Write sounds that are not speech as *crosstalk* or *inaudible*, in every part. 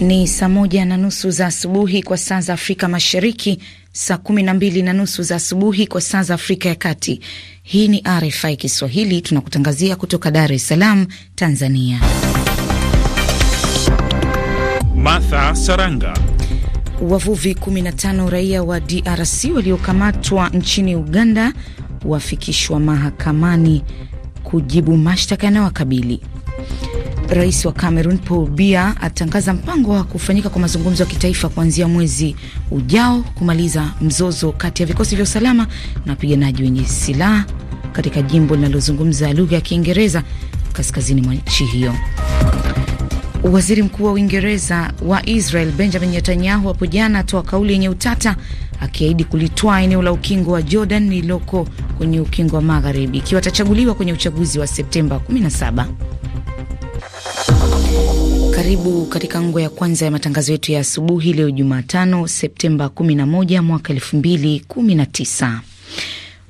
Ni saa moja na nusu za asubuhi kwa saa za Afrika Mashariki, saa kumi na mbili na nusu za asubuhi kwa saa za Afrika ya Kati. Hii ni RFI Kiswahili, tunakutangazia kutoka Dar es Salaam, Tanzania. Martha Saranga. Wavuvi 15 raia wa DRC waliokamatwa nchini Uganda wafikishwa mahakamani kujibu mashtaka yanayowakabili. Rais wa Cameroon Paul Biya atangaza mpango wa kufanyika kwa mazungumzo ya kitaifa kuanzia mwezi ujao kumaliza mzozo kati ya vikosi vya usalama na wapiganaji wenye silaha katika jimbo linalozungumza lugha ya Kiingereza kaskazini mwa nchi hiyo. Waziri Mkuu wa Uingereza wa Israel Benjamin Netanyahu hapo jana atoa kauli yenye utata akiahidi kulitwaa eneo la ukingo wa Jordan lililoko kwenye ukingo wa Magharibi ikiwa atachaguliwa kwenye uchaguzi wa Septemba 17. Karibu katika ngo ya kwanza ya matangazo yetu ya asubuhi leo Jumatano, Septemba 11 mwaka 2019.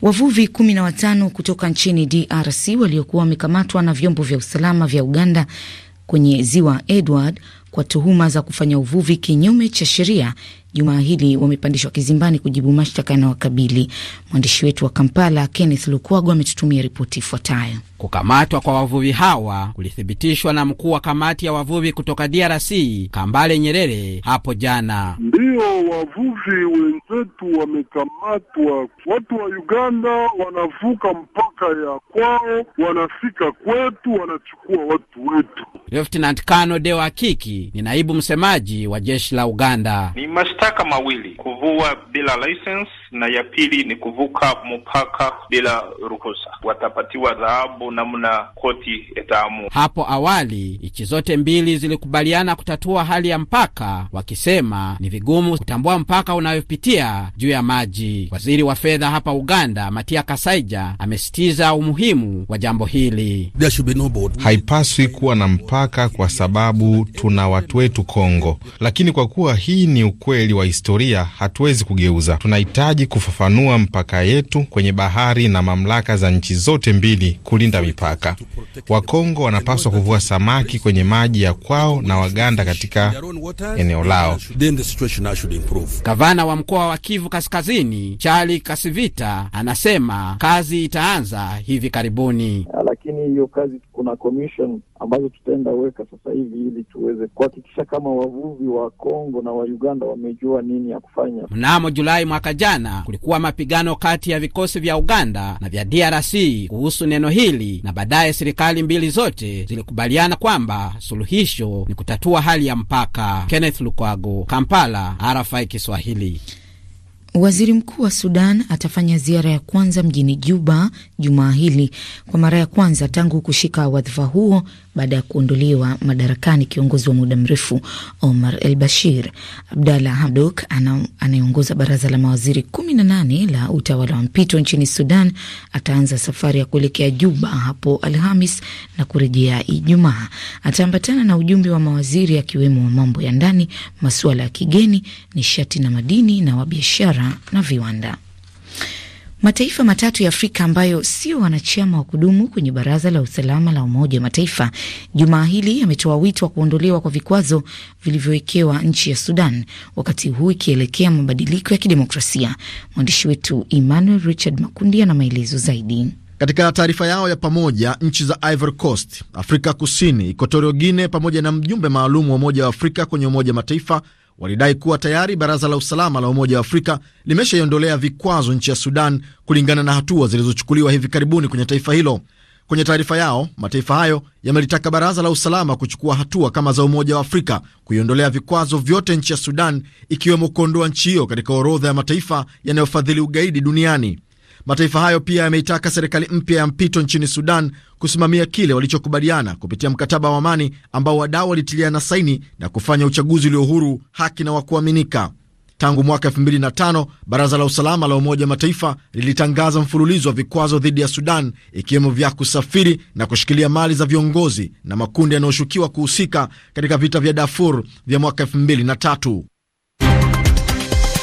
Wavuvi 15 kutoka nchini DRC waliokuwa wamekamatwa na vyombo vya usalama vya Uganda kwenye ziwa Edward kwa tuhuma za kufanya uvuvi kinyume cha sheria jumaa hili wamepandishwa kizimbani kujibu mashtaka yanayowakabili. Mwandishi wetu wa Kampala, Kenneth Lukwago, ametutumia ripoti ifuatayo. Kukamatwa kwa wavuvi hawa kulithibitishwa na mkuu wa kamati ya wavuvi kutoka DRC Kambale Nyerere hapo jana. Ndiyo, wavuvi wenzetu wamekamatwa. Watu wa Uganda wanavuka mpaka ya kwao, wanafika kwetu, wanachukua watu wetu. Lieutenant Kano Deo Akiki ni naibu msemaji wa jeshi la Uganda. Ni mashtaka mawili, kuvua bila license na ya pili ni kuvuka mpaka bila ruhusa, watapatiwa dhahabu namna koti itaamua. Hapo awali nchi zote mbili zilikubaliana kutatua hali ya mpaka, wakisema ni vigumu kutambua mpaka unayopitia juu ya maji. Waziri wa fedha hapa Uganda Matia Kasaija amesitiza umuhimu wa jambo hili. Haipaswi kuwa na mpaka kwa sababu tuna watu wetu Kongo, lakini kwa kuwa hii ni ukweli wa historia hatuwezi kugeuza, tunahitaji kazi kufafanua mpaka yetu kwenye bahari na mamlaka za nchi zote mbili kulinda mipaka. Wakongo wanapaswa kuvua samaki kwenye maji ya kwao na Waganda katika eneo lao. Gavana wa mkoa wa Kivu Kaskazini chali Kasivita anasema kazi itaanza hivi karibuni lakini hiyo kazi, kuna commission ambazo tutaenda weka sasa hivi ili tuweze kuhakikisha kama wavuvi wa Kongo na wa Uganda wamejua nini ya kufanya. Mnamo Julai mwaka jana kulikuwa mapigano kati ya vikosi vya Uganda na vya DRC kuhusu neno hili, na baadaye serikali mbili zote zilikubaliana kwamba suluhisho ni kutatua hali ya mpaka. Kenneth Lukwago, Kampala, RFI Kiswahili. Waziri mkuu wa Sudan atafanya ziara ya kwanza mjini Juba jumaa hili kwa mara ya kwanza tangu kushika wadhifa huo baada ya kuondoliwa madarakani kiongozi wa muda mrefu Omar El Bashir. Abdalla Hamdok anayeongoza baraza la mawaziri kumi na nane la utawala wa mpito nchini Sudan ataanza safari ya kuelekea Juba hapo Alhamis na kurejea Ijumaa. Ataambatana na ujumbe wa mawaziri akiwemo wa mambo ya ndani, masuala ya kigeni, nishati na madini na wabiashara biashara na viwanda. Mataifa matatu ya Afrika ambayo sio wanachama wa kudumu kwenye Baraza la Usalama la Umoja wa Mataifa jumaa hili yametoa wito wa kuondolewa kwa vikwazo vilivyowekewa nchi ya Sudan, wakati huu ikielekea mabadiliko ya kidemokrasia. Mwandishi wetu Emmanuel Richard Makundi ana maelezo zaidi. Katika taarifa yao ya pamoja, nchi za Ivory Coast, Afrika Kusini, Ikotorio guine pamoja na mjumbe maalum wa Umoja wa Afrika kwenye Umoja wa Mataifa walidai kuwa tayari baraza la usalama la Umoja wa Afrika limeshaiondolea vikwazo nchi ya Sudan kulingana na hatua zilizochukuliwa hivi karibuni kwenye taifa hilo. Kwenye taarifa yao, mataifa hayo yamelitaka baraza la usalama kuchukua hatua kama za Umoja wa Afrika kuiondolea vikwazo vyote nchi ya Sudan, ikiwemo kuondoa nchi hiyo katika orodha ya mataifa yanayofadhili ugaidi duniani. Mataifa hayo pia yameitaka serikali mpya ya mpito nchini Sudan kusimamia kile walichokubaliana kupitia mkataba wa amani ambao wadau walitiliana saini na kufanya uchaguzi ulio huru, haki na wa kuaminika. Tangu mwaka 2005 baraza la usalama la Umoja wa Mataifa lilitangaza mfululizo wa vikwazo dhidi ya Sudan, ikiwemo vya kusafiri na kushikilia mali za viongozi na makundi yanayoshukiwa kuhusika katika vita vya Darfur vya mwaka 2003.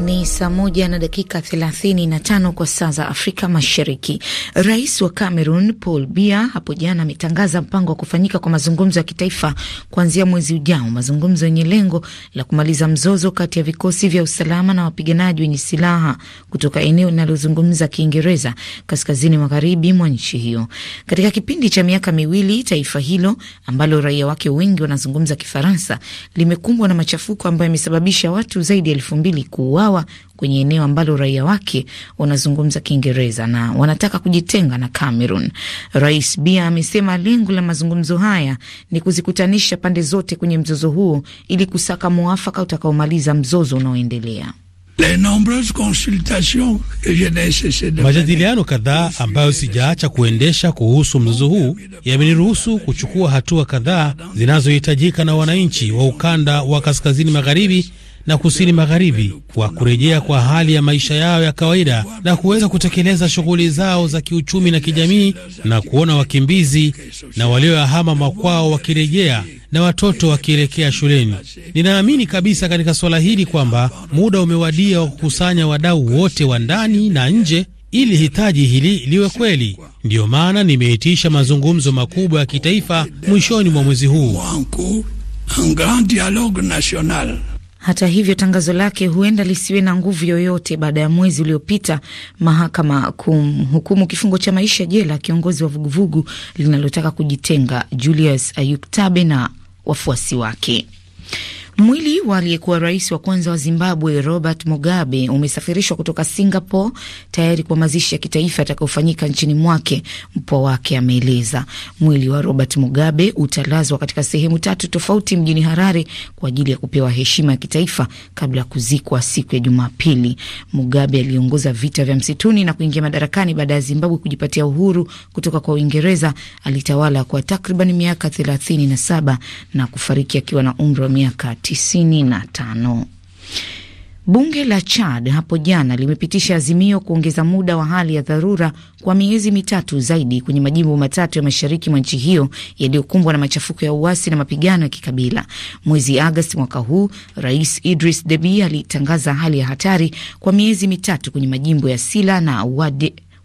Ni saa moja na dakika thelathini na tano kwa saa za Afrika Mashariki. Rais wa Cameroon Paul Biya hapo jana ametangaza mpango wa kufanyika kwa mazungumzo ya kitaifa kuanzia mwezi ujao, mazungumzo yenye lengo la kumaliza mzozo kati ya vikosi vya usalama na wapiganaji wenye silaha kutoka eneo linalozungumza Kiingereza kaskazini magharibi mwa nchi hiyo. Katika kipindi cha miaka miwili, taifa hilo ambalo raia wake wengi wanazungumza Kifaransa limekumbwa na machafuko ambayo yamesababisha watu zaidi ya elfu mbili kuuawa hawa kwenye eneo ambalo raia wake wanazungumza Kiingereza na wanataka kujitenga na Cameroon. Rais bia amesema lengo la mazungumzo haya ni kuzikutanisha pande zote kwenye mzozo huo ili kusaka mwafaka utakaomaliza mzozo unaoendelea. Majadiliano kadhaa ambayo sijaacha kuendesha kuhusu mzozo huu yameniruhusu kuchukua hatua kadhaa zinazohitajika na wananchi wa ukanda wa kaskazini magharibi na kusini magharibi kwa kurejea kwa hali ya maisha yao ya kawaida na kuweza kutekeleza shughuli zao za kiuchumi na kijamii, na kuona wakimbizi na walioyahama makwao wakirejea na watoto wakielekea shuleni. Ninaamini kabisa katika suala hili kwamba muda umewadia wa kukusanya wadau wote wa ndani na nje ili hitaji hili liwe kweli. Ndiyo maana nimeitisha mazungumzo makubwa ya kitaifa mwishoni mwa mwezi huu. Hata hivyo, tangazo lake huenda lisiwe na nguvu yoyote baada ya mwezi uliopita mahakama kumhukumu kifungo cha maisha jela kiongozi wa vuguvugu linalotaka kujitenga Julius ayuktabe na wafuasi wake. Mwili wa aliyekuwa rais wa kwanza wa Zimbabwe Robert Mugabe umesafirishwa kutoka Singapore tayari kwa mazishi ya kitaifa yatakayofanyika nchini mwake, mpwa wake ameeleza. Mwili wa Robert Mugabe utalazwa katika sehemu tatu tofauti mjini Harare kwa ajili ya kupewa heshima ya kitaifa kabla ya kuzikwa siku ya Jumapili. Mugabe aliongoza vita vya msituni na kuingia madarakani baada ya Zimbabwe kujipatia uhuru kutoka kwa Uingereza. Alitawala kwa takriban miaka 37 na kufariki akiwa na umri wa miaka 95. Bunge la Chad hapo jana limepitisha azimio kuongeza muda wa hali ya dharura kwa miezi mitatu zaidi kwenye majimbo matatu ya mashariki mwa nchi hiyo yaliyokumbwa na machafuko ya uasi na mapigano ya kikabila. Mwezi Agosti mwaka huu, Rais Idris Deby alitangaza hali ya hatari kwa miezi mitatu kwenye majimbo ya Sila na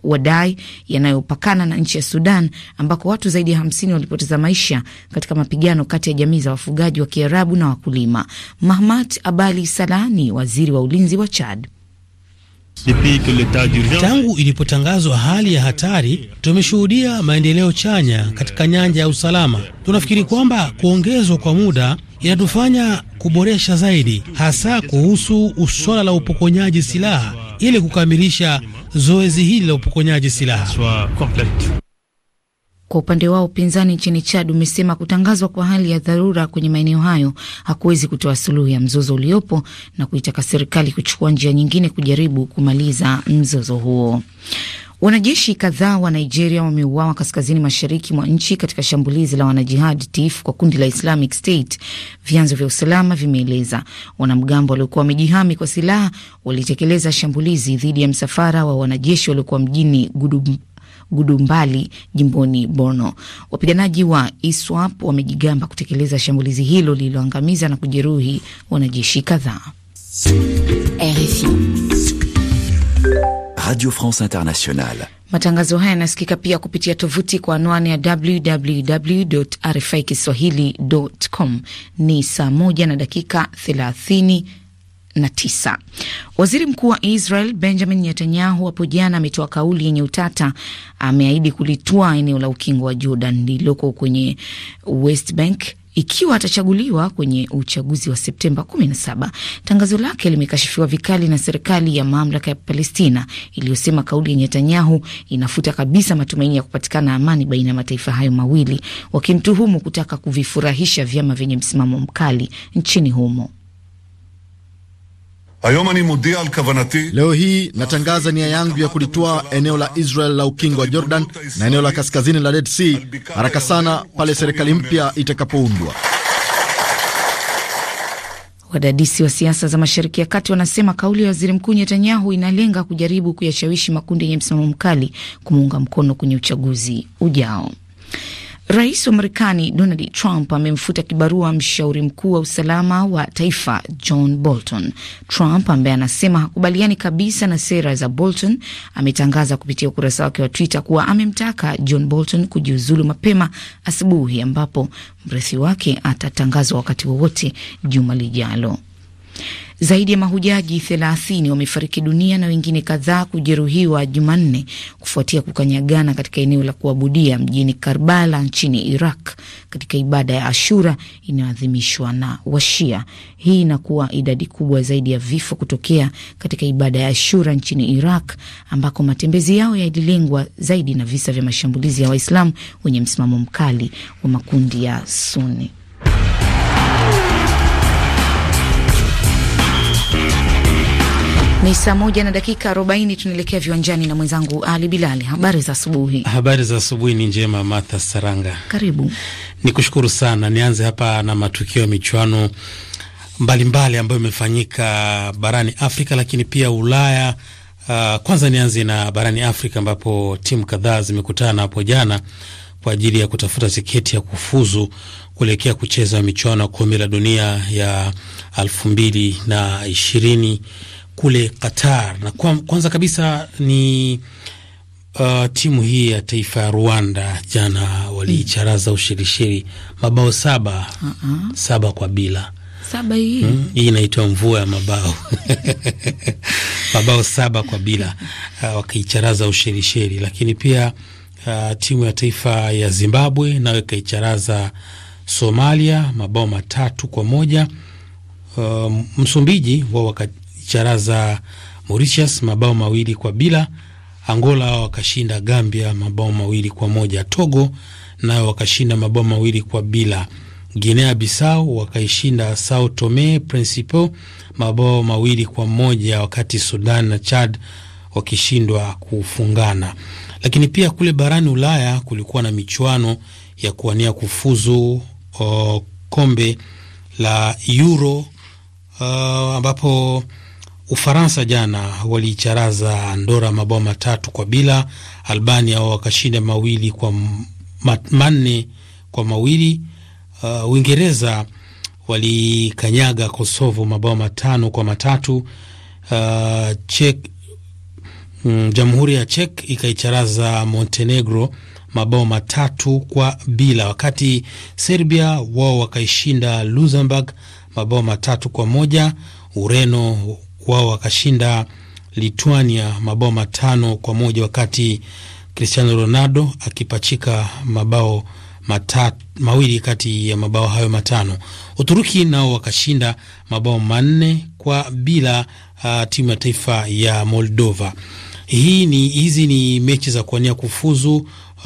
Wadai yanayopakana na nchi ya Sudan ambako watu zaidi ya hamsini walipoteza maisha katika mapigano kati ya jamii za wafugaji wa Kiarabu na wakulima. Mahmat Abali Salah ni waziri wa ulinzi wa Chad. Tangu ilipotangazwa hali ya hatari, tumeshuhudia maendeleo chanya katika nyanja ya usalama. Tunafikiri kwamba kuongezwa kwa muda inatufanya kuboresha zaidi, hasa kuhusu suala la upokonyaji silaha ili kukamilisha zoezi hili la upokonyaji silaha. Kwa upande wao upinzani nchini Chad umesema kutangazwa kwa hali ya dharura kwenye maeneo hayo hakuwezi kutoa suluhu ya mzozo uliopo na kuitaka serikali kuchukua njia nyingine kujaribu kumaliza mzozo huo. Wanajeshi kadhaa wa Nigeria wameuawa kaskazini mashariki mwa nchi katika shambulizi la wanajihadi tifu kwa kundi la Islamic State, vyanzo vya usalama vimeeleza. Wanamgambo waliokuwa wamejihami kwa silaha walitekeleza shambulizi dhidi ya msafara wa wanajeshi waliokuwa mjini Gudum Gudumbali jimboni Borno. Wapiganaji wa ISWAP wamejigamba kutekeleza shambulizi hilo lililoangamiza na kujeruhi wanajeshi kadhaa. Radio France Internationale. Matangazo haya yanasikika pia kupitia tovuti kwa anwani ya www RFI kiswahilicom. Ni saa moja na dakika thelathini na tisa. Waziri mkuu wa Israel Benjamin Netanyahu hapo jana ametoa kauli yenye utata. Ameahidi kulitua eneo la ukingo wa Jordan lililoko kwenye West Bank ikiwa atachaguliwa kwenye uchaguzi wa Septemba 17. Tangazo lake limekashifiwa vikali na serikali ya mamlaka ya Palestina iliyosema kauli ya Netanyahu inafuta kabisa matumaini ya kupatikana amani baina ya mataifa hayo mawili, wakimtuhumu kutaka kuvifurahisha vyama vyenye msimamo mkali nchini humo. Leo hii natangaza nia yangu ya kulitoa eneo la Israel la ukingo wa Jordan na eneo la kaskazini la Red Sea haraka sana pale serikali mpya itakapoundwa. Wadadisi wa siasa za Mashariki ya Kati wanasema kauli ya waziri mkuu Netanyahu inalenga kujaribu kuyashawishi makundi yenye msimamo mkali kumuunga mkono kwenye uchaguzi ujao. Rais wa Marekani Donald Trump amemfuta kibarua mshauri mkuu wa usalama wa taifa John Bolton. Trump ambaye anasema hakubaliani kabisa na sera za Bolton ametangaza kupitia ukurasa wake wa Twitter kuwa amemtaka John Bolton kujiuzulu mapema asubuhi, ambapo mrithi wake atatangazwa wakati wowote juma lijalo. Zaidi ya mahujaji 30 wamefariki dunia na wengine kadhaa kujeruhiwa Jumanne kufuatia kukanyagana katika eneo la kuabudia mjini Karbala nchini Iraq katika ibada ya Ashura inayoadhimishwa na Washia. Hii inakuwa idadi kubwa zaidi ya vifo kutokea katika ibada ya Ashura nchini Iraq ambako matembezi yao yalilengwa zaidi na visa vya mashambulizi ya Waislamu wenye msimamo mkali wa makundi ya Sunni. Ni saa moja na dakika arobaini. Tunaelekea viwanjani na mwenzangu Ali Bilali. Habari za asubuhi. Habari za asubuhi ni njema, Martha Saranga, karibu. Ni kushukuru sana. Nianze hapa na matukio ya michuano mbalimbali ambayo imefanyika barani Afrika lakini pia Ulaya. Uh, kwanza nianze na barani Afrika ambapo timu kadhaa zimekutana hapo jana kwa ajili ya kutafuta tiketi ya kufuzu kuelekea kucheza michuano ya kombe la dunia ya elfu mbili na ishirini kule Qatar. Na kwa, kwanza kabisa ni uh, timu hii ya taifa ya Rwanda jana waliicharaza mm. Ushirishiri mabao saba uh -uh. saba kwa bila saba hii hmm, hii inaitwa mvua ya mabao *laughs* mabao saba kwa bila uh, wakaicharaza Ushelisheli, lakini pia uh, timu ya taifa ya Zimbabwe nayo ikaicharaza Somalia mabao matatu kwa moja. Uh, Msumbiji wao za Mauritius mabao mawili kwa bila. Angola wakashinda Gambia mabao mawili kwa moja. Togo nayo wakashinda mabao mawili kwa bila. Guinea Bissau wakaishinda Sao Tome Principe mabao mawili kwa moja, wakati Sudan na Chad wakishindwa kufungana. Lakini pia kule barani Ulaya kulikuwa na michuano ya kuwania kufuzu o, oh, kombe la Euro uh, ambapo Ufaransa jana waliicharaza Andora mabao matatu kwa bila. Albania wao wakashinda mawili kwa manne kwa mawili. Uh, Uingereza walikanyaga Kosovo mabao matano kwa matatu. Uh, Czech, mm, Jamhuri ya Czech ikaicharaza Montenegro mabao matatu kwa bila, wakati Serbia wao wakaishinda Luxembourg mabao matatu kwa moja. Ureno wao wakashinda Lituania mabao matano kwa moja wakati Cristiano Ronaldo akipachika mabao matatu, mawili kati ya mabao hayo matano. Uturuki nao wakashinda mabao manne kwa bila uh, timu ya taifa ya Moldova. Hii ni hizi ni mechi za kuwania kufuzu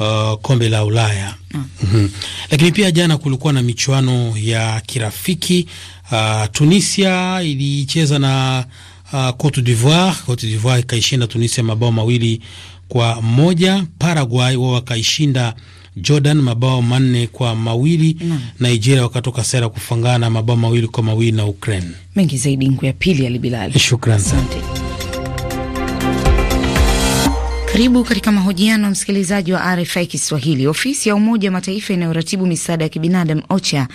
uh, kombe la Ulaya mm. Mm Lakini pia jana kulikuwa na michuano ya kirafiki uh, Tunisia ilicheza na uh, Cote d'Ivoire. Cote d'Ivoire ikaishinda Tunisia mabao mawili kwa moja. Paraguay wao wakaishinda Jordan mabao manne kwa mawili na Nigeria wakatoka sera kufungana mabao mawili kwa mawili na Ukraine. Mengi zaidi nguo ya pili ya Libilali. Shukrani. Asante. Karibu katika mahojiano msikilizaji wa RFI Kiswahili. Ofisi ya Umoja wa Mataifa inayoratibu misaada ya kibinadamu OCHA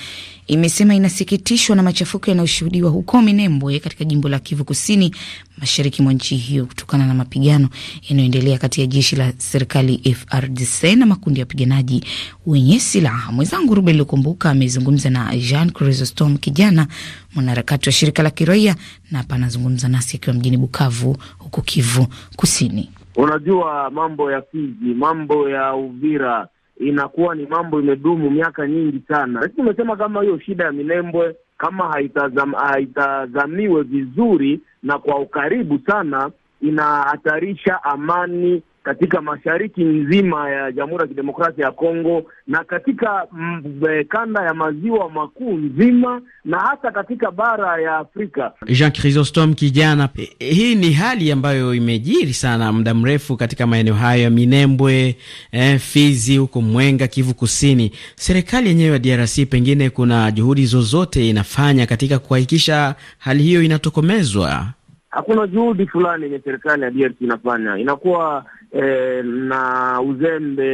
imesema inasikitishwa na machafuko yanayoshuhudiwa huko Minembwe katika jimbo la Kivu Kusini, mashariki mwa nchi hiyo kutokana na mapigano yanayoendelea kati ya jeshi la serikali FRDC na makundi ya wapiganaji wenye silaha. Mwenzangu Ruben Lukumbuka amezungumza na Jean Chrysostom Kijana, mwanaharakati wa shirika la kiraia, na hapa anazungumza nasi akiwa mjini Bukavu huko Kivu Kusini. Unajua mambo ya Fizi, mambo ya Uvira inakuwa ni mambo imedumu miaka nyingi sana, lakini umesema kama hiyo shida ya Minembwe kama haitazam, haitazamiwe vizuri na kwa ukaribu sana inahatarisha amani katika mashariki nzima ya Jamhuri ya Kidemokrasia ya Kongo na katika mm, e, kanda ya maziwa makuu nzima na hata katika bara ya Afrika. Jean chrisostom kijana, e, e, hii ni hali ambayo imejiri sana muda mrefu katika maeneo hayo ya Minembwe, eh, Fizi, huko Mwenga, Kivu Kusini. Serikali yenyewe ya DRC pengine kuna juhudi zozote inafanya katika kuhakikisha hali hiyo inatokomezwa? Hakuna juhudi fulani yenye serikali ya DRC inafanya, inakuwa e, na uzembe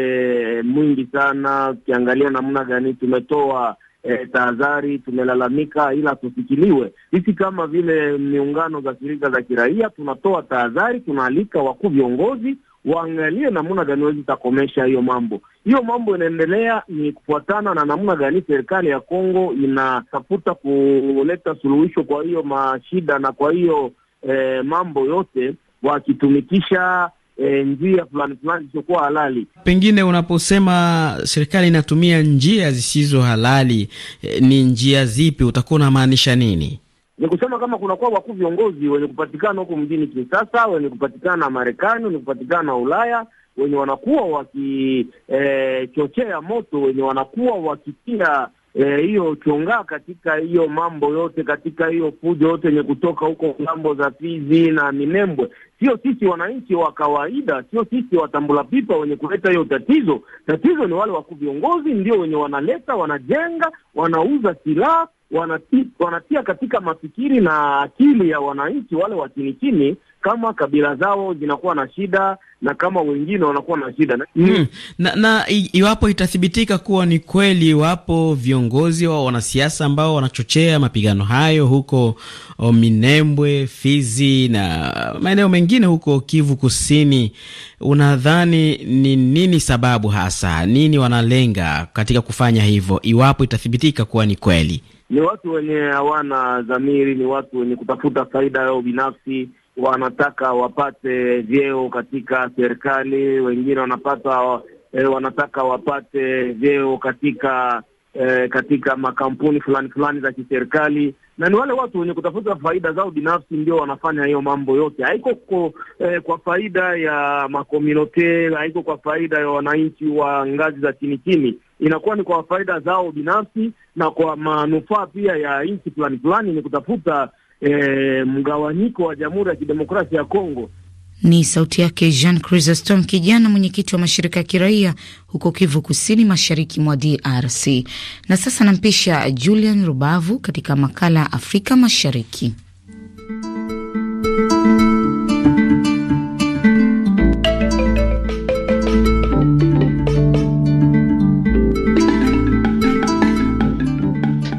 mwingi sana. Ukiangalia namna gani tumetoa e, tahadhari, tumelalamika ila tusikiliwe. Sisi kama vile miungano za shirika za kiraia tunatoa tahadhari, tunaalika wakuu viongozi waangalie namna gani wezi takomesha hiyo mambo. Hiyo mambo inaendelea ni kufuatana na namna gani serikali ya Kongo inatafuta kuleta suluhisho kwa hiyo mashida na kwa hiyo eh, mambo yote wakitumikisha e, njia fulani fulani zisizokuwa halali. Pengine unaposema serikali inatumia njia zisizo halali e, ni njia zipi? Utakuwa unamaanisha nini? Ni kusema kama kunakuwa wakuu viongozi wenye kupatikana huko mjini Kinshasa, wenye kupatikana Marekani, wenye kupatikana Ulaya wenye wanakuwa wakichochea e, moto wenye wanakuwa wakitia E, hiyo e, ukiungaa katika hiyo mambo yote, katika hiyo fujo yote yenye kutoka huko ngambo za Fizi na Minembwe, sio sisi wananchi wa kawaida, sio sisi watambula pipa wenye kuleta hiyo tatizo. Tatizo ni wale wakuu viongozi, ndio wenye wanaleta, wanajenga, wanauza silaha wanati, wanatia katika mafikiri na akili ya wananchi wale wa chini chini kama kabila zao zinakuwa na shida na kama wengine wanakuwa na shida mm. Na, na iwapo itathibitika kuwa ni kweli, iwapo viongozi wa wanasiasa ambao wanachochea mapigano hayo huko Minembwe, Fizi na maeneo mengine huko Kivu Kusini, unadhani ni nini sababu hasa, nini wanalenga katika kufanya hivyo, iwapo itathibitika kuwa ni kweli? ni watu wenye hawana dhamiri, ni watu wenye kutafuta faida yao binafsi. Wanataka wapate vyeo katika serikali, wengine wanapata eh, wanataka wapate vyeo katika eh, katika makampuni fulani fulani za kiserikali, na ni wale watu wenye kutafuta faida zao binafsi ndio wanafanya hiyo mambo yote. Haiko kwa, eh, kwa faida ya makomunote, haiko kwa faida ya wananchi wa ngazi za chini chini, inakuwa ni kwa faida zao binafsi na kwa manufaa pia ya nchi fulani fulani, ni kutafuta eh, mgawanyiko wa Jamhuri ya Kidemokrasia ya Kongo. Ni sauti yake Jean Chrysostom, kijana mwenyekiti wa mashirika ya kiraia huko Kivu Kusini, mashariki mwa DRC. Na sasa nampisha Julian Rubavu katika makala Afrika Mashariki.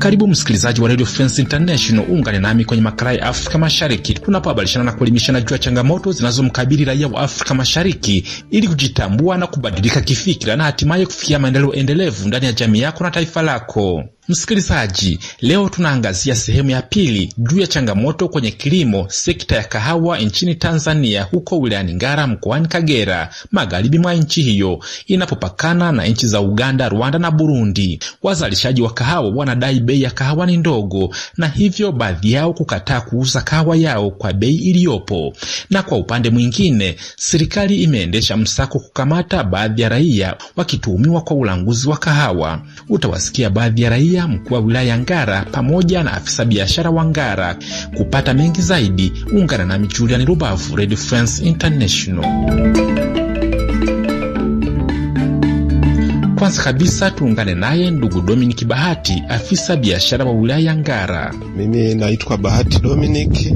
Karibu msikilizaji wa Radio France International, uungane nami kwenye makala ya Afrika Mashariki tunapobadilishana na kuelimishana juu ya changamoto zinazomkabili raia wa Afrika Mashariki ili kujitambua na kubadilika kifikira na hatimaye kufikia maendeleo endelevu ndani ya jamii yako na taifa lako. Msikilizaji, leo tunaangazia sehemu ya pili juu ya changamoto kwenye kilimo sekta ya kahawa nchini Tanzania, huko wilayani Ngara mkoani Kagera, magharibi mwa nchi hiyo inapopakana na nchi za Uganda, Rwanda na Burundi. Wazalishaji wa kahawa wanadai bei ya kahawa ni ndogo, na hivyo baadhi yao kukataa kuuza kahawa yao kwa bei iliyopo, na kwa upande mwingine serikali imeendesha msako kukamata baadhi ya raia wakituhumiwa kwa ulanguzi wa kahawa. Utawasikia baadhi ya raia kumsaidia mkuu wa wilaya ya Ngara pamoja na afisa biashara wa Ngara. Kupata mengi zaidi, ungana nami Julian Rubavu, Red France International. Kwanza kabisa tuungane naye ndugu Dominic Bahati, afisa biashara wa wilaya ya Ngara. Mimi naitwa Bahati Dominic,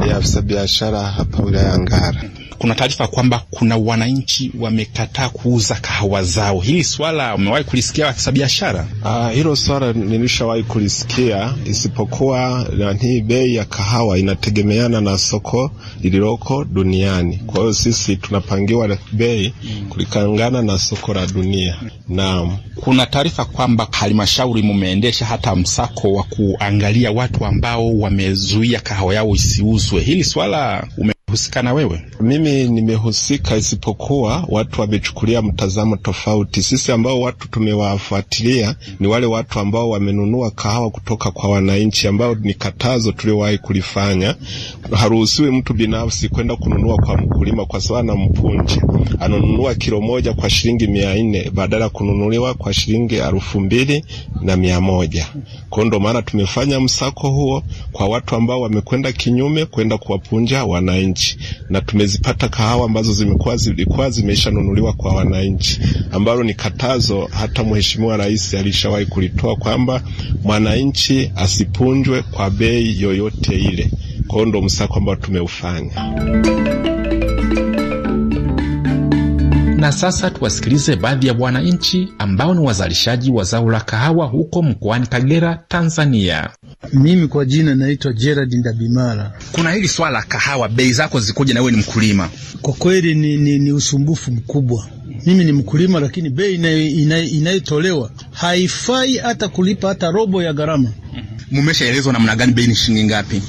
ni afisa biashara hapa wilaya ya Ngara kuna taarifa kwamba kuna wananchi wamekataa kuuza kahawa zao. Hili swala umewahi kulisikia wakisa biashara? Uh, ah, hilo swala nilishawahi kulisikia, isipokuwa hii bei ya kahawa inategemeana na soko lililoko duniani. Kwa hiyo sisi tunapangiwa bei kulikangana na soko la dunia. Naam, kuna taarifa kwamba halmashauri mumeendesha hata msako wa kuangalia watu ambao wamezuia kahawa yao isiuzwe. Hili swala ume kuhusika na wewe? Mimi nimehusika, isipokuwa watu wamechukulia mtazamo tofauti. Sisi ambao watu tumewafuatilia ni wale watu ambao wamenunua kahawa kutoka kwa wananchi, ambao ni katazo tuliowahi kulifanya. Haruhusiwi mtu binafsi kwenda kununua kwa mkulima, kwa sababu na mpunje ananunua kilo moja kwa shilingi mia nne badala kununuliwa kwa shilingi elfu mbili na mia moja. kwao. ndo maana tumefanya msako huo kwa watu ambao wamekwenda kinyume, kwenda kuwapunja wananchi wananchi, na tumezipata kahawa ambazo zimekuwa zilikuwa zimeshanunuliwa kwa wananchi, ambalo ni katazo hata Mheshimiwa Rais alishawahi kulitoa kwamba mwananchi asipunjwe kwa bei yoyote ile. Kwa hiyo ndo msako ambao tumeufanya. Na sasa tuwasikilize baadhi ya wananchi ambao ni wazalishaji wa zao la kahawa huko mkoani Kagera, Tanzania. Mimi kwa jina naitwa Gerard Ndabimara. Kuna hili swala kahawa, bei zako zikoje na wewe ni mkulima? Kwa kweli ni, ni, ni usumbufu mkubwa. Mimi ni mkulima, lakini bei inayotolewa haifai hata kulipa hata robo ya gharama. Mumeshaelezwa mm-hmm. namna gani bei ni shilingi ngapi?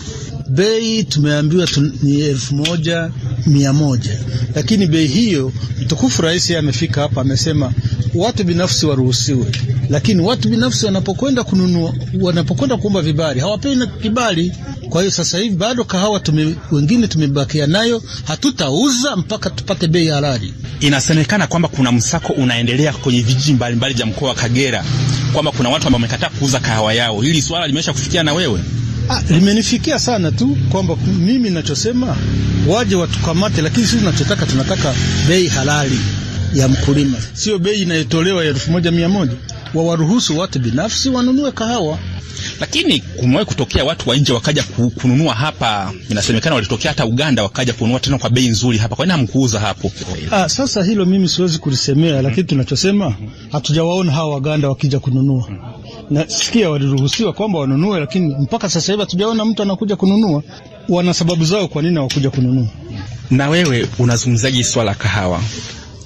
Bei tumeambiwa tu, ni elfu moja mia moja, lakini bei hiyo, mtukufu rais amefika hapa amesema watu binafsi waruhusiwe lakini watu binafsi wanapokwenda kununua, wanapokwenda kuomba vibali hawapewi kibali. Kwa hiyo sasa hivi bado kahawa tume, wengine tumebakia nayo, hatutauza mpaka tupate bei halali. Inasemekana kwamba kuna msako unaendelea kwenye vijiji mbalimbali vya mkoa wa Kagera, kwamba kuna watu ambao wamekataa kuuza kahawa yao. Hili swala limesha kufikia na wewe? Ah, limenifikia sana tu kwamba mimi nachosema waje watukamate, lakini sisi tunachotaka tunataka bei halali ya mkulima, sio bei inayotolewa ya elfu moja mia moja wawaruhusu watu binafsi wanunue kahawa. Lakini kumewahi kutokea watu wa nje wakaja kununua hapa, inasemekana walitokea hata Uganda wakaja kununua tena kwa bei nzuri hapa. Kwa nini hamkuuza hapo? Ah, sasa hilo mimi siwezi kulisemea mm -hmm. Lakini tunachosema hatujawaona hawa Waganda wakija kununua mm -hmm. waliruhusiwa kwamba wanunue, lakini mpaka sasa hivi hatujaona mtu anakuja kununua. Wana sababu zao kwa nini hawakuja kununua. Na wewe unazungumzaje swala kahawa?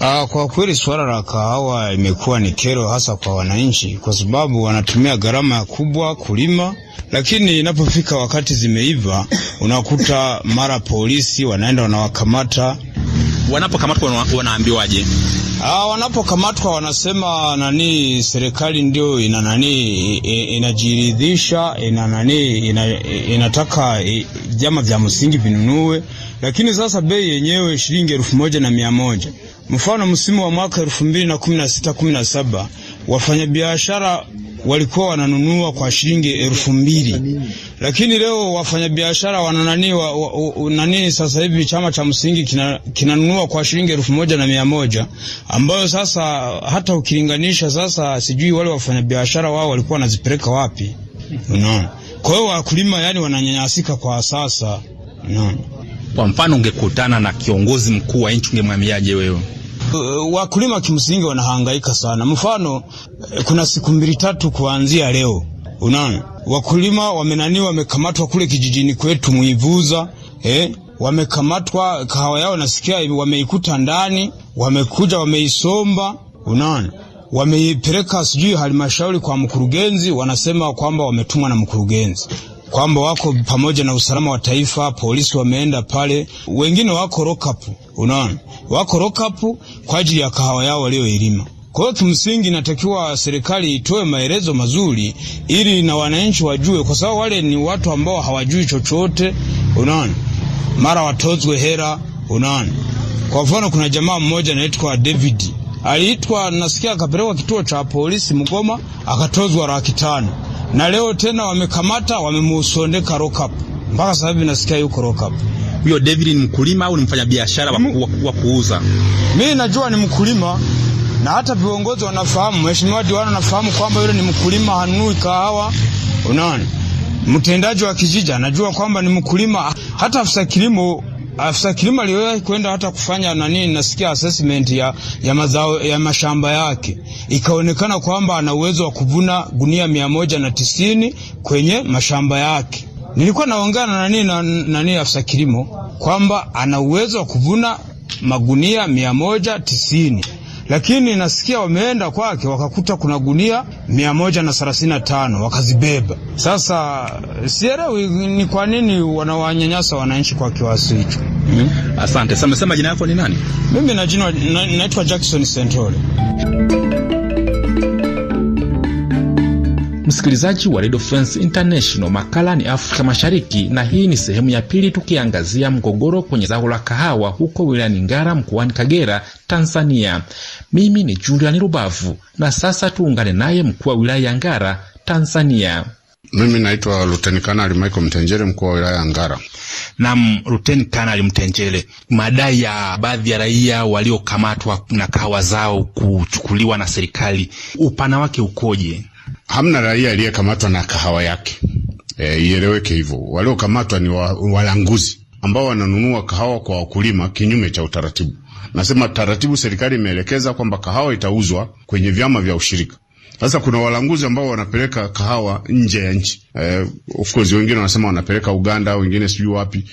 Aa, ah, kwa kweli suala la kahawa imekuwa ni kero hasa kwa wananchi, kwa sababu wanatumia gharama kubwa kulima, lakini inapofika wakati zimeiva unakuta mara polisi wanaenda wanawakamata. Wanapokamatwa wanaambiwaje? Ah, wanapokamatwa wanasema nani, serikali ndio ina nani, inajiridhisha ina nani, ina, inataka vyama vya msingi vinunue, lakini sasa bei yenyewe shilingi elfu moja na mia moja Mfano, msimu wa mwaka 2016-17 wafanyabiashara walikuwa wananunua kwa shilingi elfu mbili lakini leo wafanyabiashara wananani wa, wa, nani sasa hivi chama cha msingi kinanunua kina kwa shilingi elfu moja na mia moja ambayo sasa hata ukilinganisha sasa, sijui wale wafanyabiashara wao walikuwa wanazipeleka wapi? Unaona, kwa hiyo wakulima yani wananyanyasika kwa sasa, unaona. Kwa mfano, ungekutana na kiongozi mkuu wa nchi, ungemwamiaje wewe? Uh, wakulima kimsingi wanahangaika sana. Mfano, eh, kuna siku mbili tatu kuanzia leo, unaona wakulima wamenani, wamekamatwa kule kijijini kwetu Mwivuza, eh, wamekamatwa kahawa yao, nasikia wameikuta ndani, wamekuja wameisomba, unaona wameipeleka sijui halmashauri kwa mkurugenzi, wanasema kwamba wametumwa na mkurugenzi kwamba wako pamoja na usalama wa taifa, polisi wameenda pale, wengine wako lokapu, unaona wako rokapu kwa ajili ya kahawa yao walioilima. Kwa hiyo kimsingi, inatakiwa serikali itoe maelezo mazuri ili na wananchi wajue, kwa sababu wale ni watu ambao hawajui chochote, unaona, mara watozwe hera, unaona. Kwa mfano, kuna jamaa mmoja anaitwa David aliitwa, nasikia akapelekwa kituo cha polisi Mgoma, akatozwa laki tano na leo tena wamekamata, wamemusondeka lockup mpaka sasa hivi nasikia yuko rokap. Huyo David ni mkulima au ni mfanyabiashara wa kuuza? Mimi najua ni mkulima na hata viongozi wanafahamu, mheshimiwa diwani anafahamu kwamba yule ni mkulima, hanunui kahawa. Unaona, mtendaji wa kijiji anajua kwamba ni mkulima, hata afisa kilimo afisa ah, kilimo aliwahi kwenda hata kufanya nani, nasikia assessment ya, ya mazao ya mashamba yake, ikaonekana kwamba ana uwezo wa kuvuna gunia mia moja na tisini kwenye mashamba yake. Nilikuwa na nani na nani afisa kilimo kwamba ana uwezo wa kuvuna magunia mia moja tisini lakini nasikia wameenda kwake wakakuta kuna gunia mia moja na thelathini na tano wakazibeba. Sasa sielewi ni kwa nini wanawanyanyasa wananchi kwa kiwasi hicho. Mm. Asante. Samesema jina yako ni nani? Mimi na jina naitwa Jackson Sentore. Msikilizaji wa Radio France International, makala ni Afrika Mashariki na hii ni sehemu ya pili, tukiangazia mgogoro kwenye zao la kahawa huko wilayani Ngara mkoani Kagera, Tanzania. Mimi ni Julian Rubavu na sasa tuungane naye mkuu wa wilaya ya Ngara, Tanzania. Mimi naitwa Luteni Kanali Michael Mtenjele, mkuu wa wilaya ya Ngara. nam Luteni Kanali Mtenjele, madai ya baadhi ya raia waliokamatwa na kahawa zao kuchukuliwa na serikali, upana wake ukoje? hamna raia aliyekamatwa na kahawa yake. E, ieleweke hivyo. Waliokamatwa ni wa, walanguzi ambao wananunua kahawa kwa wakulima kinyume cha utaratibu. Nasema taratibu, serikali imeelekeza kwamba kahawa itauzwa kwenye vyama vya ushirika. Sasa kuna walanguzi ambao wanapeleka kahawa nje ya nchi. Eh, of course wengine wanasema wanapeleka Uganda, wengine sijui wapi.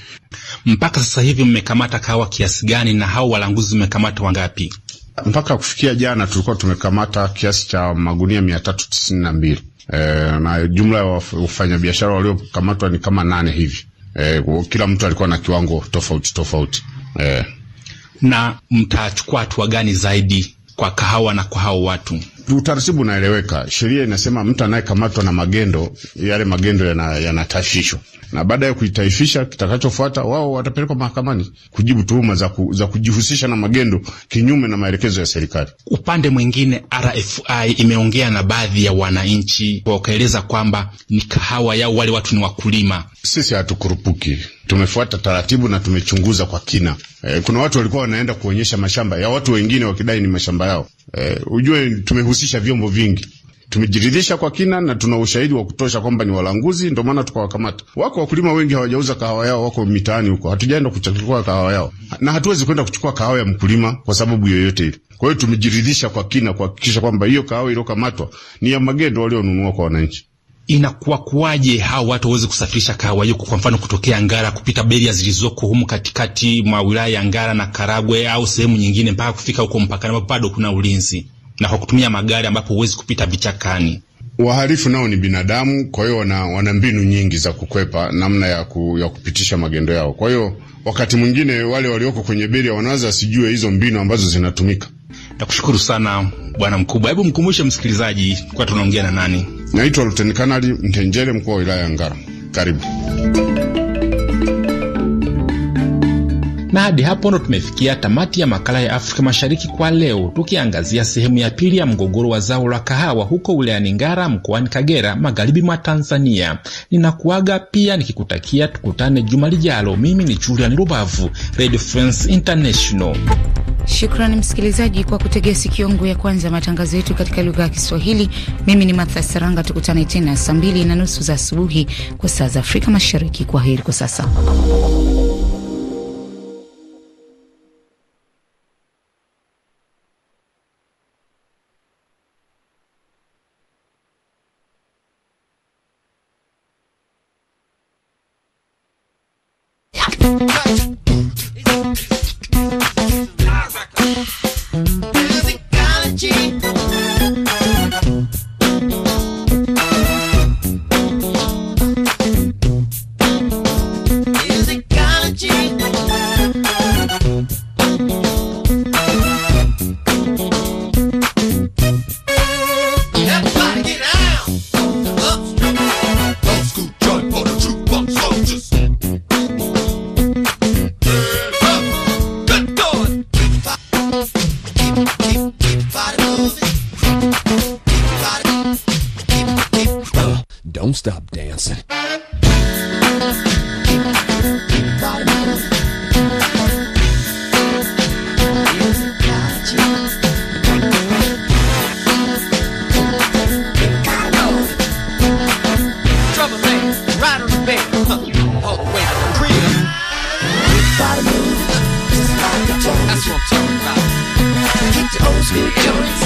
Mpaka sasa hivi mmekamata kahawa kiasi gani, na hao walanguzi mmekamata wangapi? mpaka kufikia jana tulikuwa tumekamata kiasi cha magunia mia tatu tisini na mbili eh, na jumla ya wafanyabiashara waliokamatwa ni kama nane hivi. E, kila mtu alikuwa na kiwango tofauti tofauti. E, na mtachukua hatua gani zaidi kwa kahawa na kwa hao watu? Utaratibu unaeleweka, sheria inasema mtu anayekamatwa na magendo, yale magendo yanatashishwa, na baada ya kuitaifisha, kitakachofuata wao watapelekwa mahakamani kujibu tuhuma za, ku, za kujihusisha na magendo kinyume na maelekezo ya serikali. Upande mwingine, RFI imeongea na baadhi ya wananchi wakaeleza kwamba ni kahawa yao, wale watu ni wakulima. Sisi hatukurupuki, tumefuata taratibu na tumechunguza kwa kina. E, kuna watu walikuwa wanaenda kuonyesha mashamba ya watu wengine wakidai ni mashamba yao. E, ujue tumehusisha vyombo vingi tumejiridhisha kwa kina na tuna ushahidi wa kutosha kwamba ni walanguzi, ndio maana tukawakamata. Wako wakulima wengi hawajauza kahawa yao, wako mitaani huko, hatujaenda kuchukua kahawa yao na hatuwezi kwenda kuchukua kahawa ya mkulima kwa sababu yoyote ile. Kwa hiyo tumejiridhisha kwa kina kuhakikisha kwamba hiyo kahawa iliyokamatwa ni ya magendo walionunua kwa wananchi. Inakuwa kuwaje hao watu waweze kusafirisha kahawa hiyo, kwa mfano kutokea Ngara kupita beria zilizoko humu katikati mwa wilaya ya Ngara na Karagwe au sehemu nyingine mpaka kufika huko mpakani ambapo bado kuna ulinzi? na kwa kutumia magari ambapo huwezi kupita vichakani. Wahalifu nao ni binadamu, kwa hiyo wana, wana mbinu nyingi za kukwepa namna ya, ku, ya kupitisha magendo yao. Kwa hiyo wakati mwingine wale walioko kwenye beria wanaweza asijue hizo mbinu ambazo zinatumika. Nakushukuru sana bwana mkubwa. Hebu mkumbushe msikilizaji kwa tunaongea na nani. Naitwa Luteni Kanali Mtenjele, mkuu wa wilaya ya Ngara. Karibu. Na hadi hapo ndo tumefikia tamati ya makala ya Afrika Mashariki kwa leo, tukiangazia sehemu ya pili ya mgogoro wa zao la kahawa huko wilayani Ngara mkoani Kagera, magharibi mwa Tanzania. Ninakuaga pia nikikutakia tukutane juma lijalo. Mimi ni Julian Rubavu, Radio France International. Shukrani msikilizaji kwa kutegea sikio yangu ya kwanza matangazo yetu katika lugha ya Kiswahili. Mimi ni Martha Saranga, tukutane tena saa mbili na nusu za asubuhi kwa saa za Afrika Mashariki. Kwa heri kwa sasa. Don't stop dancing. Oh, That's what I'm talking about. Keep the old school joints.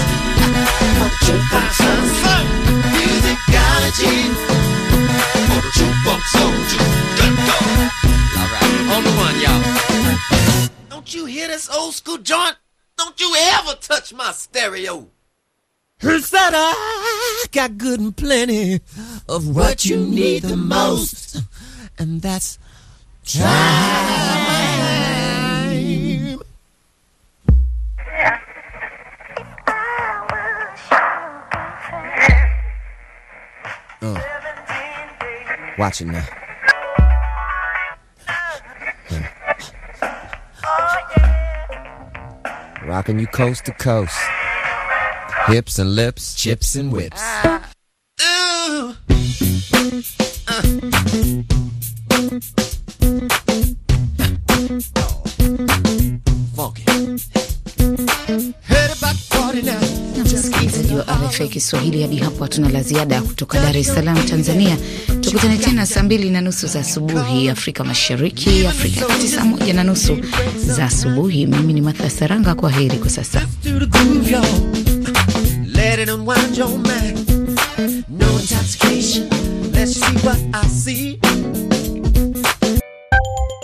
Put your thighs soldier. Don't you hear this old school joint? Don't you ever touch my stereo. Who said I got good and plenty of what, what you need the most? And that's time. Watch it now. Rocking you coast to coast. Hips and lips, chips and whips. Ooh. Msikilizaji wa RFI Kiswahili, hadi hapo hatuna la ziada kutoka Dar es Salaam, Tanzania tukutane tena saa mbili na nusu za asubuhi Afrika Mashariki, Afrika ya Kati saa moja na nusu za asubuhi. Mimi ni Matha Saranga, kwa heri kwa sasa.